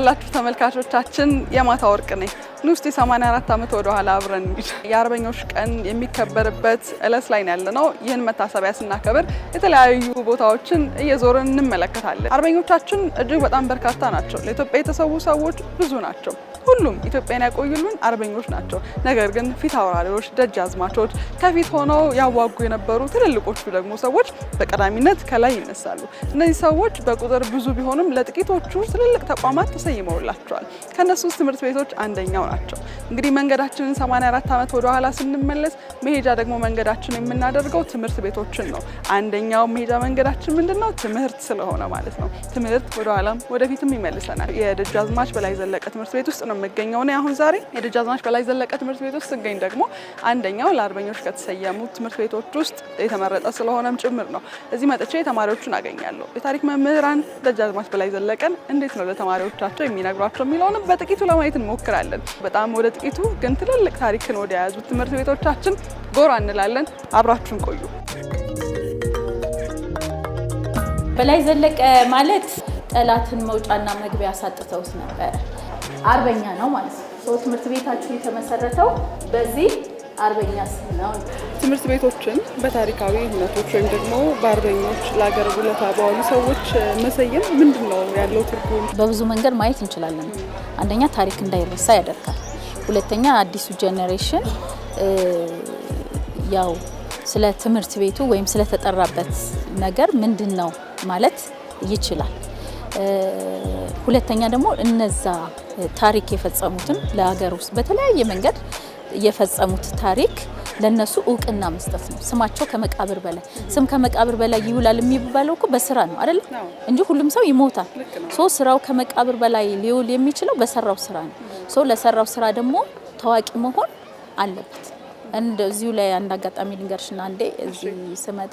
ያላችሁ ተመልካቾቻችን የማታ ወርቅ ነኝ። ንውስቲ 84 ዓመት ወደ ኋላ አብረን የአርበኞች ቀን የሚከበርበት እለት ላይ ያለ ነው። ይህን መታሰቢያ ስናከብር የተለያዩ ቦታዎችን እየዞርን እንመለከታለን። አርበኞቻችን እጅግ በጣም በርካታ ናቸው። ለኢትዮጵያ የተሰዉ ሰዎች ብዙ ናቸው። ሁሉም ኢትዮጵያን ያቆዩልን አርበኞች ናቸው። ነገር ግን ፊት አውራሪዎች፣ አዝማቾች ከፊት ሆነው ያዋጉ የነበሩ ትልልቆቹ ደግሞ ሰዎች በቀዳሚነት ከላይ ይነሳሉ። እነዚህ ሰዎች በቁጥር ብዙ ቢሆንም ለጥቂቶቹ ትልልቅ ተቋማት ተሰይመውላቸዋል። ከእነሱ ውስጥ ትምህርት ቤቶች አንደኛው ናቸው። እንግዲህ መንገዳችንን 84 ዓመት ወደ ኋላ ስንመለስ መሄጃ ደግሞ መንገዳችን የምናደርገው ትምህርት ቤቶችን ነው። አንደኛው መሄጃ መንገዳችን ምንድነው? ትምህርት ስለሆነ ማለት ነው። ትምህርት ወደ ኋላም ወደፊትም ይመልሰናል። የደጃዝማች በላይ ዘለቀ ትምህርት ቤት ውስጥ ነው የምገኘው ነው አሁን ዛሬ። የደጃዝማች በላይ ዘለቀ ትምህርት ቤት ውስጥ ስገኝ ደግሞ አንደኛው ለአርበኞች ከተሰየሙ ትምህርት ቤቶች ውስጥ የተመረጠ ስለሆነም ጭምር ነው። እዚህ መጥቼ ተማሪዎቹን አገኛለሁ። የታሪክ መምህራን ደጃዝማች በላይ ዘለቀን እንዴት ነው ለተማሪዎቻቸው የሚነግሯቸው የሚለውንም በጥቂቱ ለማየት እንሞክራለን። በጣም ወደ በጥቂቱ ግን ትልልቅ ታሪክን ወደ ያዙት ትምህርት ቤቶቻችን ጎራ እንላለን። አብራችሁን ቆዩ። በላይ ዘለቀ ማለት ጠላትን መውጫና መግቢያ ያሳጥተውት ነበር? አርበኛ ነው ማለት ነው። ሰው ትምህርት ቤታችሁ የተመሰረተው በዚህ አርበኛ ስም ነው። ትምህርት ቤቶችን በታሪካዊ እምነቶች ወይም ደግሞ በአርበኞች ለሀገር ውለታ በዋሉ ሰዎች መሰየም ምንድን ነው ያለው ትርጉም? በብዙ መንገድ ማየት እንችላለን። አንደኛ ታሪክ እንዳይረሳ ያደርጋል። ሁለተኛ አዲሱ ጄኔሬሽን ያው ስለ ትምህርት ቤቱ ወይም ስለተጠራበት ነገር ምንድን ነው ማለት ይችላል። ሁለተኛ ደግሞ እነዛ ታሪክ የፈጸሙትን ለሀገር ውስጥ በተለያየ መንገድ የፈጸሙት ታሪክ ለነሱ እውቅና መስጠት ነው። ስማቸው ከመቃብር በላይ ስም ከመቃብር በላይ ይውላል የሚባለው እኮ በስራ ነው አይደለ? እንጂ ሁሉም ሰው ይሞታል። ሶ ስራው ከመቃብር በላይ ሊውል የሚችለው በሰራው ስራ ነው። ሶ ለሰራው ስራ ደግሞ ታዋቂ መሆን አለበት። እንደዚሁ ላይ አንድ አጋጣሚ ልንገርሽና አንዴ እዚህ ስመጣ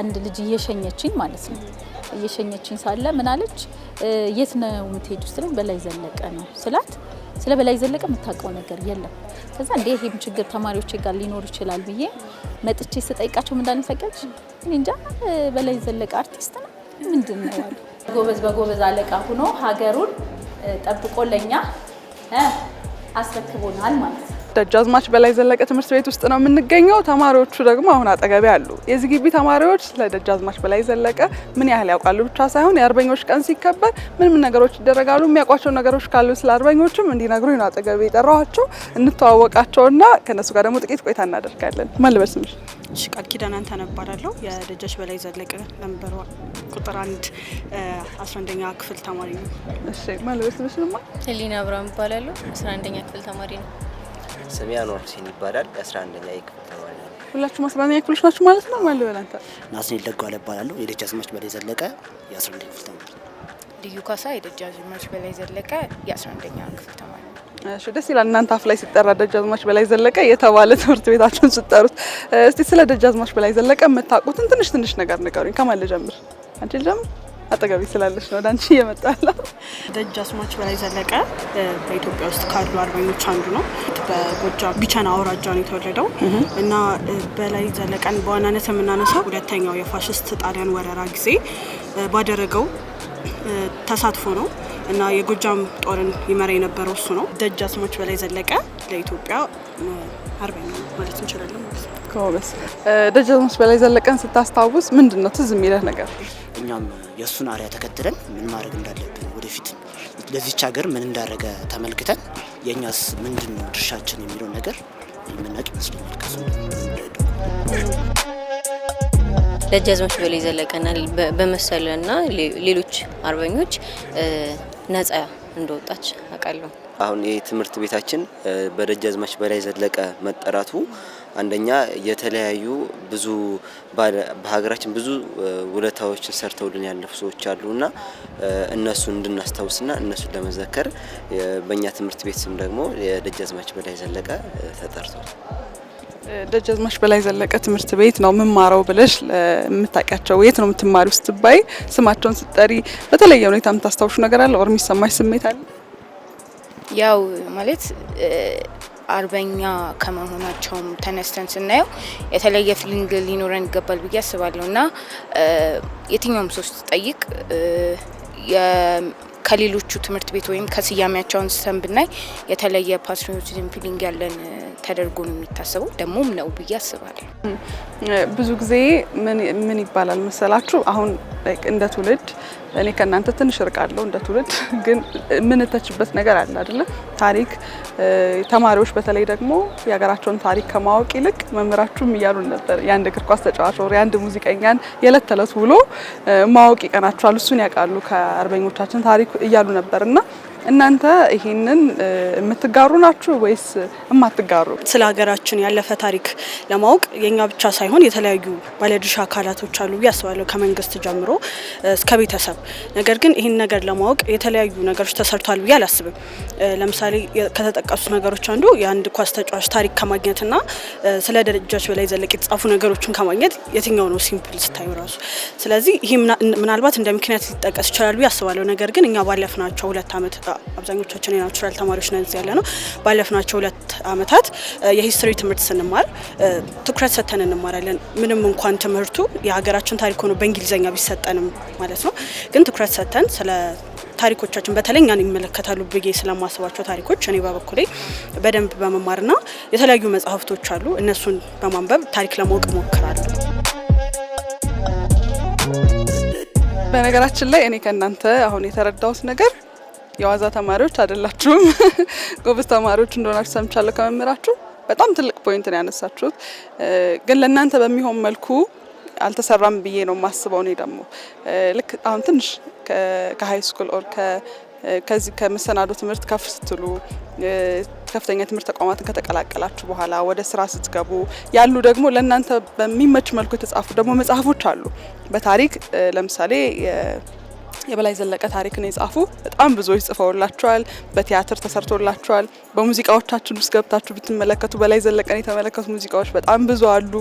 አንድ ልጅ እየሸኘችኝ ማለት ነው። እየሸኘችኝ ሳለ ምናለች የት ነው የምትሄጂው ስላት በላይ ዘለቀ ነው ስላት ስለ በላይ ዘለቀ የምታውቀው ነገር የለም። ከዛ እንዲ ይሄም ችግር ተማሪዎች ጋር ሊኖር ይችላል ብዬ መጥቼ ስጠይቃቸው ምን እንጃ በላይ ዘለቀ አርቲስት ነው ምንድን ነው ጎበዝ በጎበዝ አለቃ ሁኖ ሀገሩን ጠብቆ ለኛ አስረክቦናል ማለት ነው። ደጃዝማች በላይ ዘለቀ ትምህርት ቤት ውስጥ ነው የምንገኘው። ተማሪዎቹ ደግሞ አሁን አጠገቤ አሉ። የዚህ ግቢ ተማሪዎች ስለ ደጃዝማች በላይ ዘለቀ ምን ያህል ያውቃሉ ብቻ ሳይሆን የአርበኞች ቀን ሲከበር ምን ምን ነገሮች ይደረጋሉ፣ የሚያውቋቸው ነገሮች ካሉ ስለ አርበኞችም እንዲነግሩ ነው አጠገቤ የጠራኋቸው። እንተዋወቃቸውና ከእነሱ ጋር ደግሞ ጥቂት ቆይታ እናደርጋለን። መልበስ ምሽ እሺ፣ ቃል ኪዳን አንተ እባላለሁ። የደጃች በላይ ዘለቀ ነበሩ ቁጥር አንድ አስራ አንደኛ ክፍል ተማሪ ነው። እሺ፣ መልበስ ምሽልማ ህሊና አብርሃም እባላለሁ። አስራ አንደኛ ክፍል ተማሪ ነው። ስሜ አኖር ሁሴን ይባላል። የ11ኛ የክፍል ተማሪ ነው። ሁላችሁም 11ኛ ክፍሎች ናችሁ ማለት ነው? ማለ በላንተ ናስኔ ለጓለ የደጃ የደጃዝማች በላይ ዘለቀ የ11ኛ ክፍል ተማሪ ነው። ልዩ ካሳ የደጃዝማች በላይ ዘለቀ የ11ኛ ክፍል ተማሪ እሺ ደስ ይላል። እናንተ አፍ ላይ ሲጠራ ደጃዝማች በላይ ዘለቀ የተባለ ትምህርት ቤታችሁን ስጠሩት። እስቲ ስለ ደጃዝማች በላይ ዘለቀ የምታውቁትን ትንሽ ትንሽ ነገር ንገሩኝ። ከማን ልጀምር? አንቺ ልጀምር። አጠገቤ ስላለች ነው ወዳንቺ እየመጣ ያለው። ደጃዝማች በላይ ዘለቀ በኢትዮጵያ ውስጥ ካሉ አርበኞች አንዱ ነው። በጎጃም ቢቸና አውራጃ ነው የተወለደው እና በላይ ዘለቀን በዋናነት የምናነሳው ሁለተኛው የፋሽስት ጣሊያን ወረራ ጊዜ ባደረገው ተሳትፎ ነው እና የጎጃም ጦርን ይመራ የነበረው እሱ ነው። ደጃዝማች በላይ ዘለቀ ለኢትዮጵያ አርበኛ ማለት እንችላለን ማለት ነው። ደጃዝማች በላይ ዘለቀን ስታስታውስ ምንድን ነው ትዝ የሚለህ ነገር? እኛም የእሱን አሪያ ተከትለን ምን ማድረግ እንዳለብን ወደፊት ለዚች ሀገር ምን እንዳደረገ ተመልክተን የእኛስ ምንድን ነው ድርሻችን የሚለው ነገር የምናውቅ ይመስለኛል። ከሱ ደጃዝማች በላይ ዘለቀና በመሰለና ሌሎች አርበኞች ነጻ እንደወጣች አውቃለሁ። አሁን ይህ ትምህርት ቤታችን በደጃዝማች በላይ ዘለቀ መጠራቱ አንደኛ የተለያዩ ብዙ በሀገራችን ብዙ ውለታዎችን ሰርተውልን ያለፉ ሰዎች አሉና እነሱን እንድናስታውስና እነሱን ለመዘከር በእኛ ትምህርት ቤት ስም ደግሞ የደጃዝማች በላይ ዘለቀ ተጠርቷል። ደጃዝማች በላይ ዘለቀ ትምህርት ቤት ነው የምማረው ብለሽ የምታውቂያቸው የት ነው የምትማሪው ስትባይ ስማቸውን ስጠሪ በተለየ ሁኔታ የምታስታውሹ ነገር አለ? ወር የሚሰማሽ ስሜት አለ? ያው ማለት አርበኛ ከመሆናቸውም ተነስተን ስናየው የተለየ ፊሊንግ ሊኖረን ይገባል ብዬ አስባለሁ እና የትኛውም ሰው ስትጠይቅ ከሌሎቹ ትምህርት ቤት ወይም ከስያሜያቸው አንስተን ብናይ የተለየ ፓትሪዮቲዝም ፊሊንግ ያለን ተደርጎ ነው የሚታሰበው፣ ደግሞም ነው ብዬ አስባለሁ። ብዙ ጊዜ ምን ይባላል መሰላችሁ አሁን እንደ ትውልድ እኔ ከእናንተ ትንሽ እርቃለሁ እንደ ትውልድ ግን የምንተችበት ነገር አለ አይደለም። ታሪክ ተማሪዎች በተለይ ደግሞ የሀገራቸውን ታሪክ ከማወቅ ይልቅ መምህራችሁም እያሉን ነበር የአንድ እግር ኳስ ተጫዋች ወር የአንድ ሙዚቀኛን የዕለት ተዕለት ውሎ ማወቅ ይቀናቸዋል። እሱን ያውቃሉ ከአርበኞቻችን ታሪክ እያሉ ነበር እና እናንተ ይሄንን የምትጋሩ ናችሁ ወይስ የማትጋሩ? ስለ ሀገራችን ያለፈ ታሪክ ለማወቅ የኛ ብቻ ሳይሆን የተለያዩ ባለድርሻ አካላቶች አሉ ብዬ አስባለሁ፣ ከመንግስት ጀምሮ እስከ ቤተሰብ። ነገር ግን ይህን ነገር ለማወቅ የተለያዩ ነገሮች ተሰርቷል ብዬ አላስብም። ለምሳሌ ከተጠቀሱት ነገሮች አንዱ የአንድ ኳስ ተጫዋች ታሪክ ከማግኘትና ስለ ደረጃዎች በላይ ዘለቅ የተጻፉ ነገሮችን ከማግኘት የትኛው ነው ሲምፕል ስታዩ ራሱ። ስለዚህ ይህ ምናልባት እንደ ምክንያት ሊጠቀስ ይችላል ብዬ አስባለሁ። ነገር ግን እኛ ባለፍናቸው ሁለት ዓመት አብዛኞቻችን የናቹራል ተማሪዎች ነን ያለ ነው። ባለፍናቸው ሁለት አመታት የሂስትሪ ትምህርት ስንማር ትኩረት ሰጥተን እንማራለን። ምንም እንኳን ትምህርቱ የሀገራችን ታሪክ ሆኖ በእንግሊዝኛ ቢሰጠንም ማለት ነው፣ ግን ትኩረት ሰጥተን ስለ ታሪኮቻችን በተለይ እኛን ይመለከታሉ ብዬ ስለማስባቸው ታሪኮች እኔ በበኩሌ በደንብ በመማርና የተለያዩ መጽሐፍቶች አሉ እነሱን በማንበብ ታሪክ ለማወቅ እሞክራለሁ። በነገራችን ላይ እኔ ከእናንተ አሁን የተረዳሁት ነገር የዋዛ ተማሪዎች አይደላችሁም፣ ጎበዝ ተማሪዎች እንደሆናችሁ ሰምቻለሁ ከመምህራችሁ። በጣም ትልቅ ፖይንት ነው ያነሳችሁት፣ ግን ለእናንተ በሚሆን መልኩ አልተሰራም ብዬ ነው የማስበው። እኔ ደግሞ ልክ አሁን ትንሽ ከሀይ ስኩል ኦር ከዚህ ከመሰናዶ ትምህርት ከፍ ስትሉ ከፍተኛ ትምህርት ተቋማትን ከተቀላቀላችሁ በኋላ ወደ ስራ ስትገቡ ያሉ ደግሞ ለእናንተ በሚመች መልኩ የተጻፉ ደግሞ መጽሐፎች አሉ በታሪክ ለምሳሌ የበላይ ዘለቀ ታሪክን የጻፉ በጣም ብዙዎች ጽፈውላቸዋል። በቲያትር ተሰርቶላቸዋል። በሙዚቃዎቻችን ውስጥ ገብታችሁ ብትመለከቱ በላይ ዘለቀን የተመለከቱ ሙዚቃዎች በጣም ብዙ አሉ።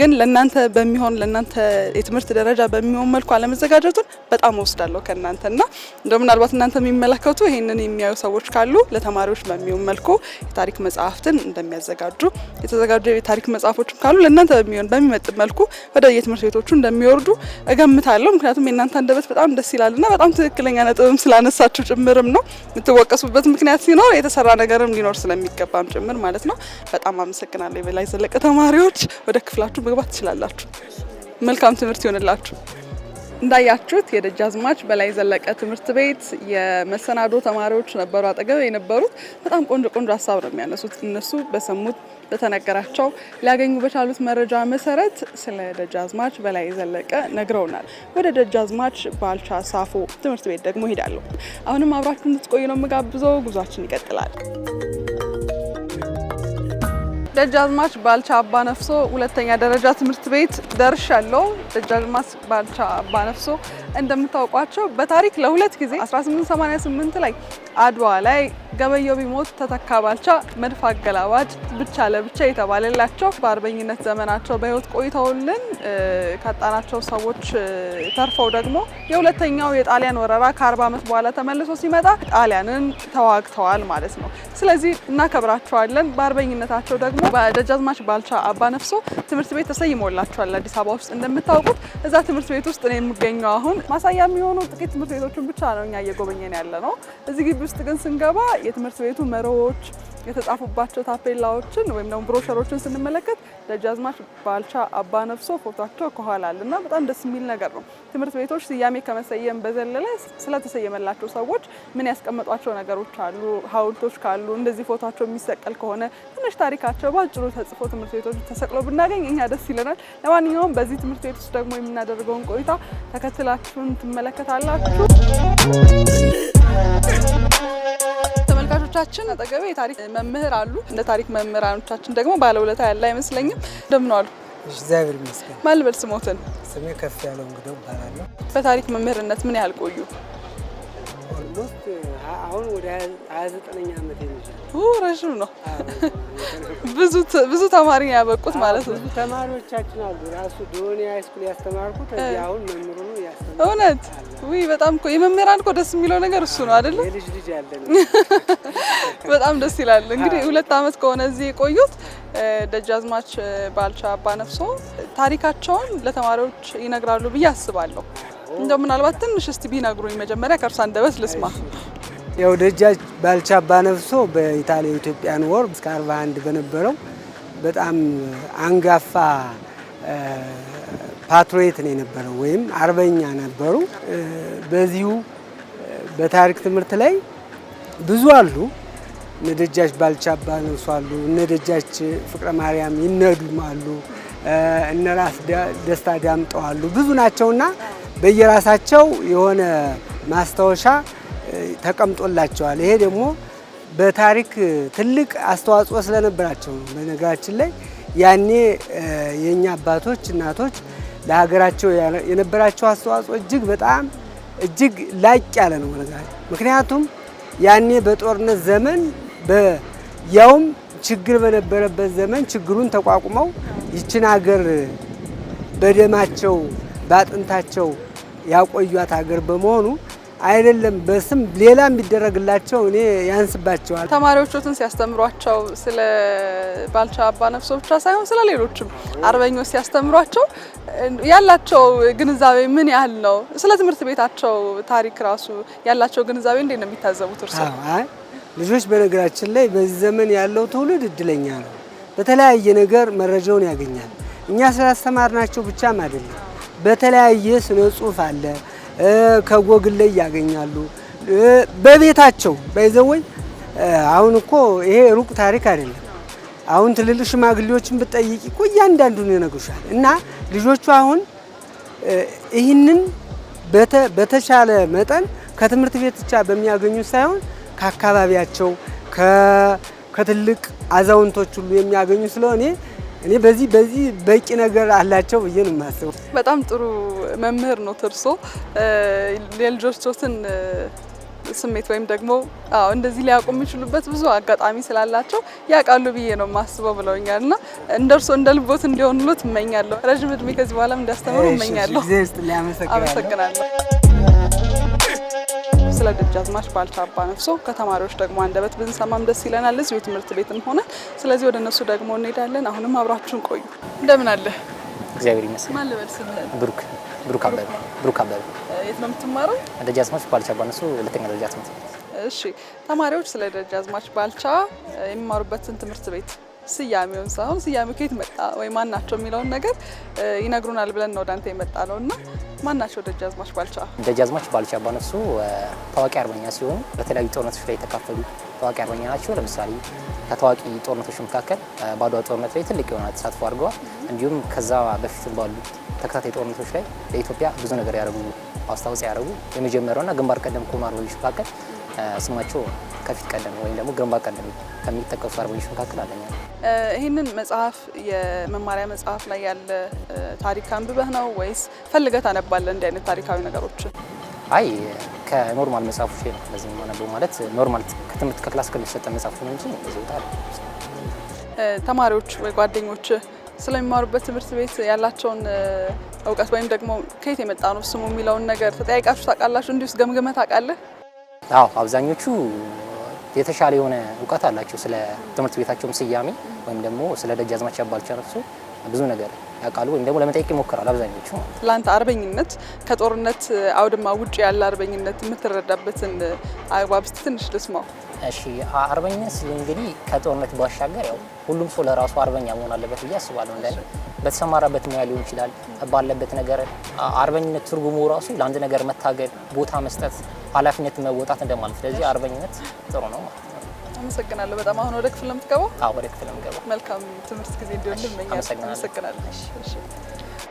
ግን ለእናንተ በሚሆን ለእናንተ የትምህርት ደረጃ በሚሆን መልኩ አለመዘጋጀቱን በጣም ወስዳለሁ ከእናንተ እና እንደ ምናልባት እናንተ የሚመለከቱ ይህንን የሚያዩ ሰዎች ካሉ ለተማሪዎች በሚሆን መልኩ የታሪክ መጽሐፍትን እንደሚያዘጋጁ የተዘጋጁ የታሪክ መጽሐፎችም ካሉ ለእናንተ በሚሆን በሚመጥ መልኩ ወደ የትምህርት ቤቶቹ እንደሚወርዱ እገምታለሁ። ምክንያቱም የእናንተ አንደበት በጣም ደስ ይላልና በጣም ትክክለኛ ነጥብም ስላነሳችሁ ጭምርም ነው የምትወቀሱበት ምክንያት ሲኖር የተሰራ ነገርም ሊኖር ስለሚገባም ጭምር ማለት ነው። በጣም አመሰግናለሁ። የበላይ ዘለቀ ተማሪዎች ወደ ክፍላችሁ መግባት ትችላላችሁ። መልካም ትምህርት ይሆንላችሁ። እንዳያችሁት የደጃዝማች በላይ ዘለቀ ትምህርት ቤት የመሰናዶ ተማሪዎች ነበሩ አጠገብ የነበሩት። በጣም ቆንጆ ቆንጆ ሀሳብ ነው የሚያነሱት። እነሱ በሰሙት በተነገራቸው ሊያገኙ በቻሉት መረጃ መሰረት ስለ ደጃዝማች በላይ ዘለቀ ነግረውናል። ወደ ደጃዝማች ባልቻ ሳፎ ትምህርት ቤት ደግሞ ሄዳለሁ። አሁንም አብራችሁ እንድትቆዩ ነው የምጋብዘው። ጉዟችን ይቀጥላል። ደጃዝማች ባልቻ አባ ነፍሶ ሁለተኛ ደረጃ ትምህርት ቤት ደርሻለሁ። ደጃዝማች ባልቻ ባነፍሶ እንደምታውቋቸው በታሪክ ለሁለት ጊዜ 1888 ላይ አድዋ ላይ ገበየው ቢሞት ተተካ ባልቻ መድፍ አገላባጭ ብቻ ለብቻ የተባለላቸው በአርበኝነት ዘመናቸው በህይወት ቆይተውልን ካጣናቸው ሰዎች ተርፈው ደግሞ የሁለተኛው የጣሊያን ወረራ ከ40 ዓመት በኋላ ተመልሶ ሲመጣ ጣሊያንን ተዋግተዋል ማለት ነው። ስለዚህ እናከብራቸዋለን። በአርበኝነታቸው ደግሞ በደጃዝማች ባልቻ አባ ነፍሶ ትምህርት ቤት ተሰይሞላቸዋል አዲስ አበባ ውስጥ እንደምታውቁ ያለፉት። እዛ ትምህርት ቤት ውስጥ ነው የምገኘው አሁን። ማሳያ የሚሆኑ ጥቂት ትምህርት ቤቶችን ብቻ ነው እኛ እየጎበኘን ያለ ነው። እዚህ ግቢ ውስጥ ግን ስንገባ የትምህርት ቤቱ መሮዎች የተጻፉባቸው ታፔላዎችን ወይም ደግሞ ብሮሸሮችን ስንመለከት ደጃዝማች ባልቻ አባ ነፍሶ ፎቷቸው ከኋላ አለ እና በጣም ደስ የሚል ነገር ነው። ትምህርት ቤቶች ስያሜ ከመሰየም በዘለለ ስለተሰየመላቸው ሰዎች ምን ያስቀመጧቸው ነገሮች አሉ፣ ሀውልቶች ካሉ እንደዚህ ፎቷቸው የሚሰቀል ከሆነ ትንሽ ታሪካቸው በአጭሩ ተጽፎ ትምህርት ቤቶች ተሰቅሎ ብናገኝ እኛ ደስ ይለናል። ለማንኛውም በዚህ ትምህርት ቤት ውስጥ ደግሞ የምናደርገውን ቆይታ ተከትላችሁን ትመለከታላችሁ። መምህራኖቻችን አጠገቤ የታሪክ መምህር አሉ። እንደ ታሪክ መምህራኖቻችን ደግሞ ባለውለታ ያለ አይመስለኝም። እንደምን ዋሉ? እግዚአብሔር ይመስገን። ማን ስሞትን? ስሜ ከፍ ያለው እንግዲህ እባላለሁ። በታሪክ መምህርነት ምን ያህል ቆዩ? ኦልሞስት አሁን ወደ ሀያ ዘጠነኛ ዓመት ረዥም ነው። ብዙ ተማሪ ያበቁት ማለት ነው። ተማሪዎቻችን አሉ። ራሱ ዶኒ ሃይስኩል ያስተማርኩት እዚህ አሁን መምህሩ ነው ያስተማርኩት። እውነት ውይ፣ በጣም እኮ የመምህራን እኮ ደስ የሚለው ነገር እሱ ነው አይደል? የልጅ ልጅ ያለን በጣም ደስ ይላል። እንግዲህ ሁለት ዓመት ከሆነ እዚህ የቆዩት ደጃዝማች ባልቻ አባ ነፍሶ ታሪካቸውን ለተማሪዎች ይነግራሉ ብዬ አስባለሁ። እንደው ምናልባት ትንሽ እስቲ ቢነግሩኝ መጀመሪያ ከእርሱ አንደበት ልስማ። ያው ደጃች ባልቻ አባነፍሶ በኢጣሊያ ኢትዮጵያን ወር እስከ 41 በነበረው በጣም አንጋፋ ፓትሮየት ነው የነበረው ወይም አርበኛ ነበሩ። በዚሁ በታሪክ ትምህርት ላይ ብዙ አሉ። እነ ደጃች ባልቻ አባነፍሶ አሉ፣ እነ ደጃች ፍቅረ ማርያም ይነዱም አሉ፣ እነ ራስ ደስታ ዳምጠው አሉ። ብዙ ናቸውና በየራሳቸው የሆነ ማስታወሻ ተቀምጦላቸዋል። ይሄ ደግሞ በታሪክ ትልቅ አስተዋጽኦ ስለነበራቸው ነው። በነገራችን ላይ ያኔ የእኛ አባቶች እናቶች ለሀገራቸው የነበራቸው አስተዋጽኦ እጅግ በጣም እጅግ ላቅ ያለ ነው። ምክንያቱም ያኔ በጦርነት ዘመን ያውም ችግር በነበረበት ዘመን ችግሩን ተቋቁመው ይችን ሀገር በደማቸው በአጥንታቸው ያቆዩት ሀገር በመሆኑ አይደለም በስም ሌላ የሚደረግላቸው እኔ ያንስባቸዋል። ተማሪዎቹትን ሲያስተምሯቸው ስለ ባልቻ አባ ነፍሶ ብቻ ሳይሆን ስለ ሌሎችም አርበኞች ሲያስተምሯቸው ያላቸው ግንዛቤ ምን ያህል ነው? ስለ ትምህርት ቤታቸው ታሪክ ራሱ ያላቸው ግንዛቤ እንዴት ነው የሚታዘቡት እርስዎ? ልጆች በነገራችን ላይ በዚህ ዘመን ያለው ትውልድ እድለኛ ነው። በተለያየ ነገር መረጃውን ያገኛል። እኛ ስላስተማርናቸው ብቻም አይደለም በተለያየ ስነ ጽሁፍ አለ ከጎግል ላይ ያገኛሉ። በቤታቸው ባይዘወይ አሁን እኮ ይሄ ሩቅ ታሪክ አይደለም። አሁን ትልልቅ ሽማግሌዎችን ብጠይቅ እኮ እያንዳንዱን ይነግሩሻል። እና ልጆቹ አሁን ይህንን በተሻለ መጠን ከትምህርት ቤት ብቻ በሚያገኙ ሳይሆን ከአካባቢያቸው ከትልቅ አዛውንቶች ሁሉ የሚያገኙ ስለሆነ እኔ በዚህ በዚህ በቂ ነገር አላቸው ብዬ ነው የማስበው። በጣም ጥሩ መምህር ነው ተርሶ የልጆቾትን ስሜት ወይም ደግሞ አዎ እንደዚህ ሊያውቁ የሚችሉበት ብዙ አጋጣሚ ስላላቸው ያውቃሉ ብዬ ነው የማስበው ብለውኛል እና እንደ እርሶ እንደ ልቦት እንዲሆኑሎት እመኛለሁ። ረዥም እድሜ ከዚህ በኋላም እንዲያስተምሩ እመኛለሁ። አመሰግናለሁ። ስለ ደጃዝማች ባልቻ ነፍሶ ከተማሪዎች ደግሞ አንደበት ብንሰማም ደስ ይለናል። እዚሁ ትምህርት ቤትም ሆነ ስለዚህ ወደ እነሱ ደግሞ እንሄዳለን። አሁንም አብራችሁን ቆዩ። እንደምን አለ እግዚአብሔር ይመስገን። ማን ልበል ስምህን? ብሩክ ብሩክ አበበ። ብሩክ አበበ። የት ነው የምትማረው? ደጃዝማች ባልቻ አባነፍሶ ሁለተኛ ደረጃ ትምህርት ቤት። እሺ ተማሪዎች ስለ ደጃዝማች ባልቻ የሚማሩበትን ትምህርት ቤት ስያሜውን ሳይሆን ስያሜው ከየት መጣ ወይ ማን ናቸው የሚለውን ነገር ይነግሩናል ብለን ነው ወዳንተ የመጣ ነው እና ማን ናቸው ደጃዝማች ባልቻ? ደጃዝማች ባልቻ ባነሱ ታዋቂ አርበኛ ሲሆኑ በተለያዩ ጦርነቶች ላይ የተካፈሉ ታዋቂ አርበኛ ናቸው። ለምሳሌ ከታዋቂ ጦርነቶች መካከል በአድዋ ጦርነት ላይ ትልቅ የሆነ ተሳትፎ አድርገዋል። እንዲሁም ከዛ በፊትም ባሉ ተከታታይ ጦርነቶች ላይ ለኢትዮጵያ ብዙ ነገር ያደረጉ አስተዋጽኦ ያደረጉ የመጀመሪያውና ግንባር ቀደም ከሆኑ አርበኞች መካከል ስማቸው ከፊት ቀደም ወይም ደግሞ ግንባር ቀደም ከሚጠቀሱ አርበኞች መካከል አንደኛ ይህንን መጽሐፍ የመማሪያ መጽሐፍ ላይ ያለ ታሪክ አንብበህ ነው ወይስ ፈልገህ ታነባለህ? እንዲህ አይነት ታሪካዊ ነገሮች አይ ከኖርማል መጽሐፎች ነው ለዚህ ማነበው ማለት ኖርማል ከትምህርት ከክላስ ከሚሰጠ መጽሐፍ ነው እንጂ እንደዚህ ወጣ ተማሪዎች ወይ ጓደኞች ስለሚማሩበት ትምህርት ቤት ያላቸውን እውቀት ወይም ደግሞ ከየት የመጣ ነው ስሙ የሚለውን ነገር ተጠያይቃችሁ ታውቃላችሁ? እንዲሁ ውስጥ ገምግመህ ታውቃለህ? አዎ አብዛኞቹ የተሻለ የሆነ እውቀት አላቸው። ስለ ትምህርት ቤታቸውም ስያሜ ወይም ደግሞ ስለ ደጃዝማች አባልቻ ነፍሱ ብዙ ነገር ያውቃሉ ወይም ደግሞ ለመጠየቅ ይሞክራል አብዛኞቹ። ለአንተ አርበኝነት ከጦርነት አውድማ ውጭ ያለ አርበኝነት የምትረዳበትን አግባብ እስኪ ትንሽ ልስማው። እሺ አርበኝነት እንግዲህ ከጦርነት ባሻገር ያው ሁሉም ሰው ለራሱ አርበኛ መሆን አለበት ብዬ አስባለሁ እንደኔ በተሰማራበት ሙያ ሊሆን ይችላል ባለበት ነገር። አርበኝነት ትርጉሙ ራሱ ለአንድ ነገር መታገል፣ ቦታ መስጠት፣ ኃላፊነት መወጣት እንደማለት። ስለዚህ አርበኝነት ጥሩ ነው ማለት ነው። አመሰግናለሁ በጣም። አሁን ወደ ክፍል ነው የምትገባው? ወደ ክፍል ነው የምገባው። መልካም ትምህርት ጊዜ እንዲሆን እመኛለሁ። አመሰግናለሁ።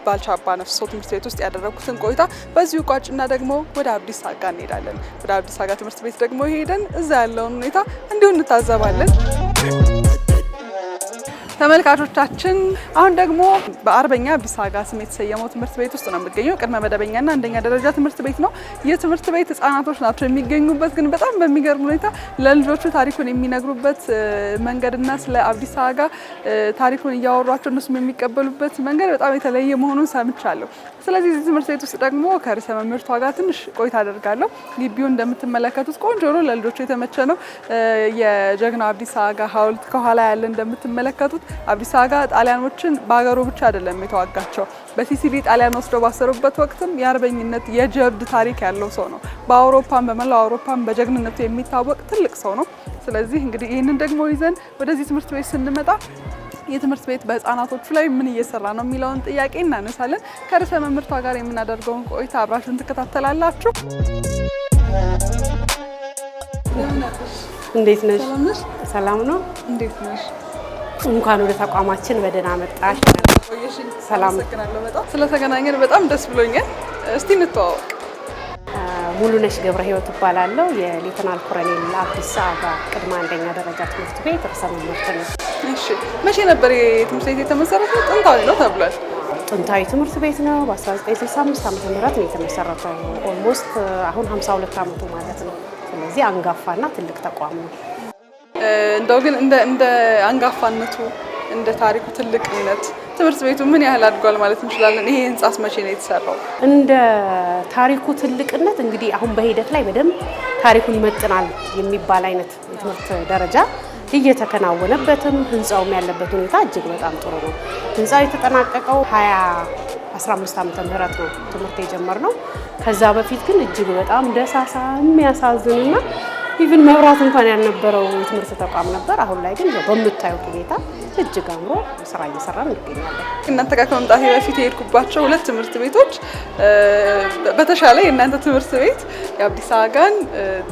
ባልቻ ትምህርት ቤት ውስጥ ያደረግኩትን ቆይታ በዚሁ ቋጭና ደግሞ ወደ አብዲስ አጋ እንሄዳለን። ወደ አብዲስ አጋ ትምህርት ቤት ደግሞ ሄደን እዛ ያለውን ሁኔታ እንዲሁ እንታዘባለን። ተመልካቾቻችን አሁን ደግሞ በአርበኛ ቢሳጋ ስም የተሰየመው ትምህርት ቤት ውስጥ ነው የሚገኘው። ቅድመ መደበኛና አንደኛ ደረጃ ትምህርት ቤት ነው። ይህ ትምህርት ቤት ህጻናቶች ናቸው የሚገኙበት። ግን በጣም በሚገርም ሁኔታ ለልጆቹ ታሪኩን የሚነግሩበት መንገድና ስለ አብዲሳ አጋ ታሪኩን እያወሯቸው እነሱም የሚቀበሉበት መንገድ በጣም የተለየ መሆኑን ሰምቻለሁ። ስለዚህ እዚህ ትምህርት ቤት ውስጥ ደግሞ ከርዕሰ መምህርቷ ጋር ትንሽ ቆይታ አደርጋለሁ። ግቢው እንደምትመለከቱት ቆንጆ ነው፣ ለልጆቹ የተመቸ ነው። የጀግናው አብዲሳ አጋ ሀውልት ከኋላ ያለ እንደምትመለከቱት አብዲሳ ጣሊያኖችን በሀገሩ ብቻ አይደለም የተዋጋቸው። በሲሲሊ ጣሊያን ወስዶ ባሰሩበት ወቅትም የአርበኝነት የጀብድ ታሪክ ያለው ሰው ነው። በአውሮፓን በመላው አውሮፓን በጀግንነቱ የሚታወቅ ትልቅ ሰው ነው። ስለዚህ እንግዲህ ይህንን ደግሞ ይዘን ወደዚህ ትምህርት ቤት ስንመጣ የትምህርት ቤት በህፃናቶቹ ላይ ምን እየሰራ ነው የሚለውን ጥያቄ እናነሳለን። ከርዕሰ መምህርቷ ጋር የምናደርገውን ቆይታ አብራችሁን ትከታተላላችሁ። እንዴት ነሽ? ሰላም ነው። እንዴት ነሽ? እንኳን ወደ ተቋማችን በደህና መጣሽ። ሰላም ስለተገናኘን በጣም ደስ ብሎኛል። እስቲ እንተዋወቅ። ሙሉነሽ ገብረ ህይወት እባላለሁ። የሌተናል ኮረኔል አዲስ አበባ ቅድመ አንደኛ ደረጃ ትምህርት ቤት ርዕሰ መምህርት ነው። መቼ ነበር የትምህርት ቤት የተመሰረተ ጥንታዊ ነው ተብሏል። ጥንታዊ ትምህርት ቤት ነው። በ1965 ዓ ም ነው የተመሰረተው። ኦልሞስት አሁን 52 ዓመቱ ማለት ነው። ስለዚህ አንጋፋና ትልቅ ተቋም ነው። እንደው ግን እንደ አንጋፋነቱ እንደ ታሪኩ ትልቅነት ትምህርት ቤቱ ምን ያህል አድጓል ማለት እንችላለን? ይሄ ህንጻስ መቼ ነው የተሰራው? እንደ ታሪኩ ትልቅነት እንግዲህ አሁን በሂደት ላይ በደንብ ታሪኩን ይመጥናል የሚባል አይነት የትምህርት ደረጃ እየተከናወነበትም ህንፃውም ያለበት ሁኔታ እጅግ በጣም ጥሩ ነው። ህንፃው የተጠናቀቀው 2015 ዓመተ ምህረት ነው ትምህርት የጀመርነው። ከዛ በፊት ግን እጅግ በጣም ደሳሳ የሚያሳዝንና ኢቭን መብራት እንኳን ያልነበረው ትምህርት ተቋም ነበር። አሁን ላይ ግን በምታዩ ሁኔታ እጅግ አምሮ ስራ እየሰራ እንገኛለን። እናንተ ጋር ከመምጣቴ በፊት የሄድኩባቸው ሁለት ትምህርት ቤቶች በተሻለ የእናንተ ትምህርት ቤት የአዲስ አበባን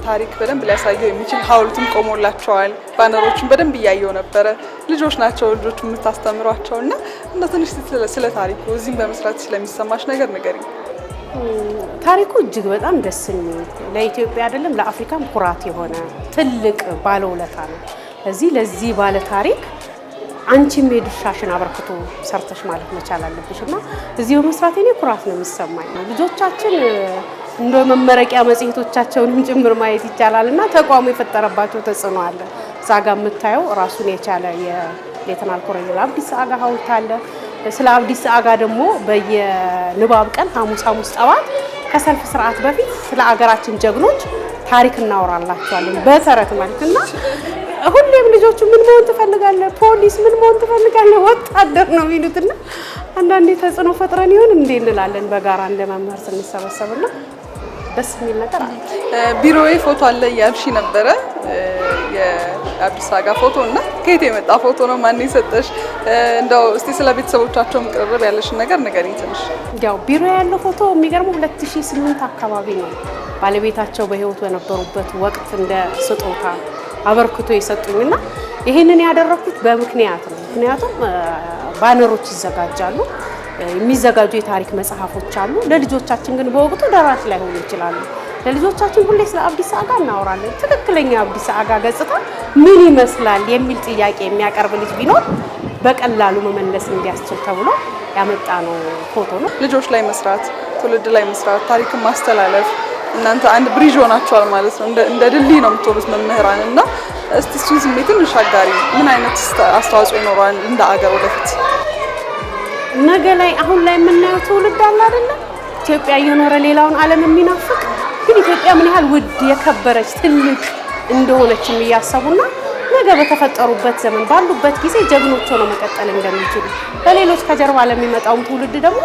ታሪክ በደንብ ሊያሳየው የሚችል ሀውልትም ቆሞላቸዋል። ባነሮችን በደንብ እያየው ነበረ። ልጆች ናቸው ልጆቹ የምታስተምሯቸው እና እና ትንሽ ስለ ታሪኩ እዚህም በመስራት ስለሚሰማሽ ነገር ንገሪኝ። ታሪኩ እጅግ በጣም ደስ የሚል ለኢትዮጵያ አይደለም ለአፍሪካም ኩራት የሆነ ትልቅ ባለውለታ ነው። እዚህ ለዚህ ባለ ታሪክ አንቺም የድርሻሽን አበርክቶ ሰርተሽ ማለት መቻል አለብሽ እና እዚህ በመስራት እኔ ኩራት ነው የሚሰማኝ። ልጆቻችን እንደ መመረቂያ መጽሔቶቻቸውንም ጭምር ማየት ይቻላል እና ተቋሙ የፈጠረባቸው ተጽዕኖ አለ። እዛ ጋ የምታየው ራሱን የቻለ የሌተናል ኮሎኔል አብዲሳ አጋ ሐውልት አለ። ስለ አብዲስ አጋ ደግሞ በየንባብ ቀን ሐሙስ ሐሙስ ጠዋት ከሰልፍ ስርዓት በፊት ስለ አገራችን ጀግኖች ታሪክ እናወራላቸዋለን በተረት መልክ እና ሁሌም ልጆቹ ምን መሆን ትፈልጋለህ? ፖሊስ፣ ምን መሆን ትፈልጋለህ? ወታደር ነው የሚሉትና አንዳንዴ ተጽዕኖ ፈጥረን ይሆን እንዴ እንላለን በጋራ እንደ መምህር ስንሰበሰብና ደስ የሚል ነገር አለ። ቢሮዬ ፎቶ አለ እያልሽ ነበረ የአዲስ አጋ ፎቶ እና ከየት የመጣ ፎቶ ነው? ማን የሰጠሽ? እንደው እስቲ ስለ ቤተሰቦቻቸውም ቅርብ ያለሽን ነገር ንገሪኝ ትንሽ። ያው ቢሮ ያለው ፎቶ የሚገርመው 2008 አካባቢ ነው ባለቤታቸው በህይወት በነበሩበት ወቅት እንደ ስጦታ አበርክቶ የሰጡኝና ይህንን ያደረኩት በምክንያት ነው። ምክንያቱም ባነሮች ይዘጋጃሉ የሚዘጋጁ የታሪክ መጽሐፎች አሉ። ለልጆቻችን ግን በወቅቱ ደራሽ ላይሆኑ ይችላሉ። ለልጆቻችን ሁሌ ስለ አብዲስ አጋ እናወራለን። ትክክለኛ አብዲስ አጋ ገጽታ ምን ይመስላል የሚል ጥያቄ የሚያቀርብ ልጅ ቢኖር በቀላሉ መመለስ እንዲያስችል ተብሎ ያመጣ ነው ፎቶ ነው። ልጆች ላይ መስራት፣ ትውልድ ላይ መስራት፣ ታሪክን ማስተላለፍ እናንተ አንድ ብሪጅ ሆናችኋል ማለት ነው። እንደ ድልድይ ነው የምትሆኑት መምህራን እና እስቲ እሱን ስሜትን እንሻጋሪ ምን አይነት አስተዋጽኦ ይኖረዋል እንደ አገር ወደፊት ነገ ላይ አሁን ላይ የምናየው ትውልድ አለ አይደለ? ኢትዮጵያ እየኖረ ሌላውን ዓለም የሚናፍቅ ግን ኢትዮጵያ ምን ያህል ውድ የከበረች ትልቅ እንደሆነችም እያሰቡና ነገ በተፈጠሩበት ዘመን ባሉበት ጊዜ ጀግኖች ሆነው መቀጠል እንደሚችሉ በሌሎች ከጀርባ ለሚመጣውም ትውልድ ደግሞ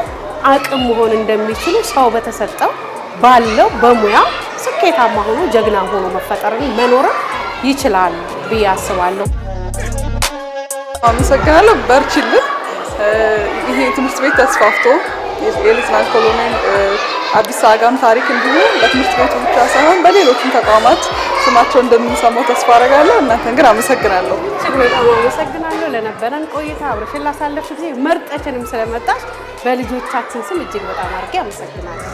አቅም መሆን እንደሚችሉ ሰው በተሰጠው ባለው በሙያ ስኬታማ ሆኖ ጀግና ሆኖ መፈጠርን መኖረ ይችላል ብዬ አስባለሁ። አመሰግናለሁ። በርችልን Eh, ይሄ ትምህርት ቤት ተስፋፍቶ የልጽናት ኮሎኔል eh, አዲስ አጋም ታሪክ እንዲሁ ለትምህርት ቤቱ ብቻ ሳይሆን በሌሎችም ተቋማት ስማቸው እንደምንሰማው ተስፋ አደርጋለሁ። እናንተን ግን አመሰግናለሁ። አመሰግናለሁ ለነበረን ቆይታ አብረሽን ላሳለፍሽ ጊዜ መርጠሽንም ስለመጣሽ በልጆቻችን ስም እጅግ በጣም አድርጌ አመሰግናለሁ።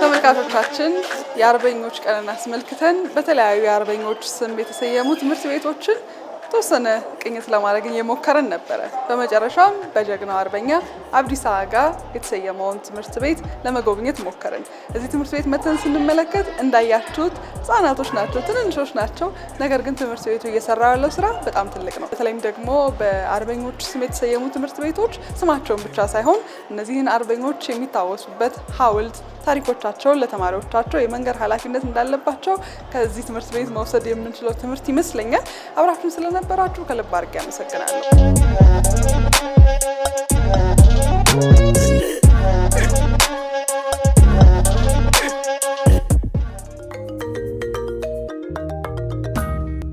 ተመልካቾቻችን የአርበኞች ቀንን አስመልክተን በተለያዩ የአርበኞች ስም የተሰየሙ ትምህርት ቤቶችን የተወሰነ ቅኝት ለማድረግ እየሞከረን ነበረ። በመጨረሻም በጀግናው አርበኛ አብዲሳ አጋ የተሰየመውን ትምህርት ቤት ለመጎብኘት ሞከርን። እዚህ ትምህርት ቤት መተን ስንመለከት እንዳያችሁት ህጻናቶች ናቸው፣ ትንንሾች ናቸው። ነገር ግን ትምህርት ቤቱ እየሰራ ያለው ስራ በጣም ትልቅ ነው። በተለይም ደግሞ በአርበኞች ስም የተሰየሙ ትምህርት ቤቶች ስማቸውን ብቻ ሳይሆን እነዚህን አርበኞች የሚታወሱበት ሐውልት ታሪኮቻቸውን ለተማሪዎቻቸው የመንገድ ኃላፊነት እንዳለባቸው ከዚህ ትምህርት ቤት መውሰድ የምንችለው ትምህርት ይመስለኛል። አብራችሁን ስለነ ስለነበራችሁ ከልብ አድርጌ አመሰግናለሁ።